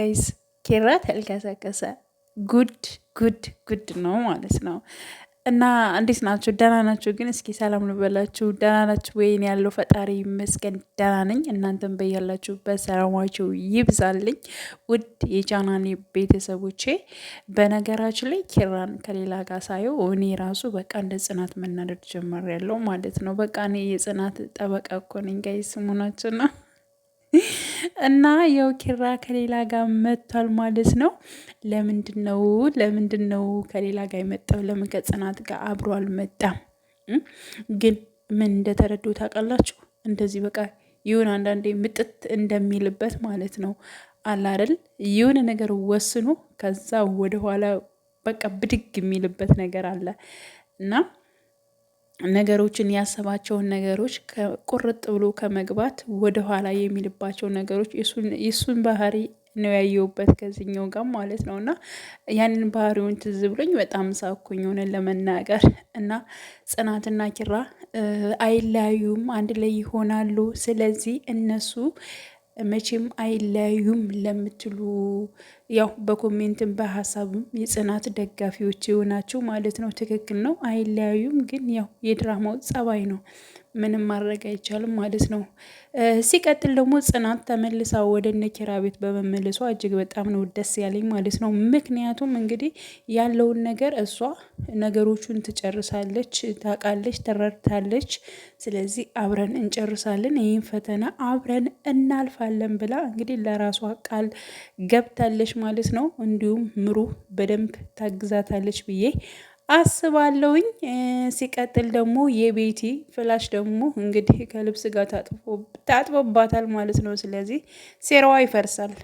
ጋይስ ኬራ ተልከሰከሰ። ጉድ ጉድ ጉድ ነው ማለት ነው። እና እንዴት ናችሁ? ደህና ናችሁ? ግን እስኪ ሰላም ልበላችሁ። ደህና ናችሁ ወይን? ያለው ፈጣሪ ይመስገን ደህና ነኝ። እናንተም በያላችሁበት ሰላማችሁ ይብዛልኝ ውድ የጃናኔ ቤተሰቦቼ። በነገራችን ላይ ኪራን ከሌላ ጋር ሳየው እኔ ራሱ በቃ እንደ ጽናት መናደድ ጀመር ያለው ማለት ነው። በቃ እኔ የጽናት ጠበቃ እኮ ነኝ ጋይስ ነው እና ያው ኪራ ከሌላ ጋር መጥቷል ማለት ነው። ለምንድን ነው ለምንድን ነው ከሌላ ጋር የመጣው? ለምን ከጽናት ጋር አብሮ አልመጣም? ግን ምን እንደተረዱ ታውቃላችሁ? እንደዚህ በቃ ይሁን አንዳንዴ ምጥት እንደሚልበት ማለት ነው አላረል የሆነ ነገር ወስኖ ከዛ ወደኋላ በቃ ብድግ የሚልበት ነገር አለ እና ነገሮችን ያሰባቸውን ነገሮች ቁርጥ ብሎ ከመግባት ወደኋላ የሚልባቸው ነገሮች የእሱን ባህሪ ነው ያየውበት ከዚህኛው ጋር ማለት ነው። እና ያንን ባህሪውን ትዝ ብሎኝ በጣም ሳኩኝ ሆነን ለመናገር እና ጽናትና ኪራ አይለያዩም፣ አንድ ላይ ይሆናሉ። ስለዚህ እነሱ መቼም አይለያዩም ለምትሉ ያው በኮሜንትም በሀሳብም የጽናት ደጋፊዎች የሆናችሁ ማለት ነው። ትክክል ነው፣ አይለያዩም። ግን ያው የድራማው ጸባይ ነው፣ ምንም ማድረግ አይቻልም ማለት ነው። ሲቀጥል ደግሞ ጽናት ተመልሳ ወደ ነኪራ ቤት በመመለሷ እጅግ በጣም ነው ደስ ያለኝ ማለት ነው። ምክንያቱም እንግዲህ ያለውን ነገር እሷ ነገሮቹን ትጨርሳለች፣ ታውቃለች፣ ተረድታለች። ስለዚህ አብረን እንጨርሳለን፣ ይህን ፈተና አብረን እናልፋለን ብላ እንግዲህ ለራሷ ቃል ገብታለች ማለት ነው። እንዲሁም ምሩ በደንብ ታግዛታለች ብዬ አስባለውኝ። ሲቀጥል ደግሞ የቤቲ ፍላሽ ደግሞ እንግዲህ ከልብስ ጋር ታጥቦባታል ማለት ነው። ስለዚህ ሴራዋ ይፈርሳል።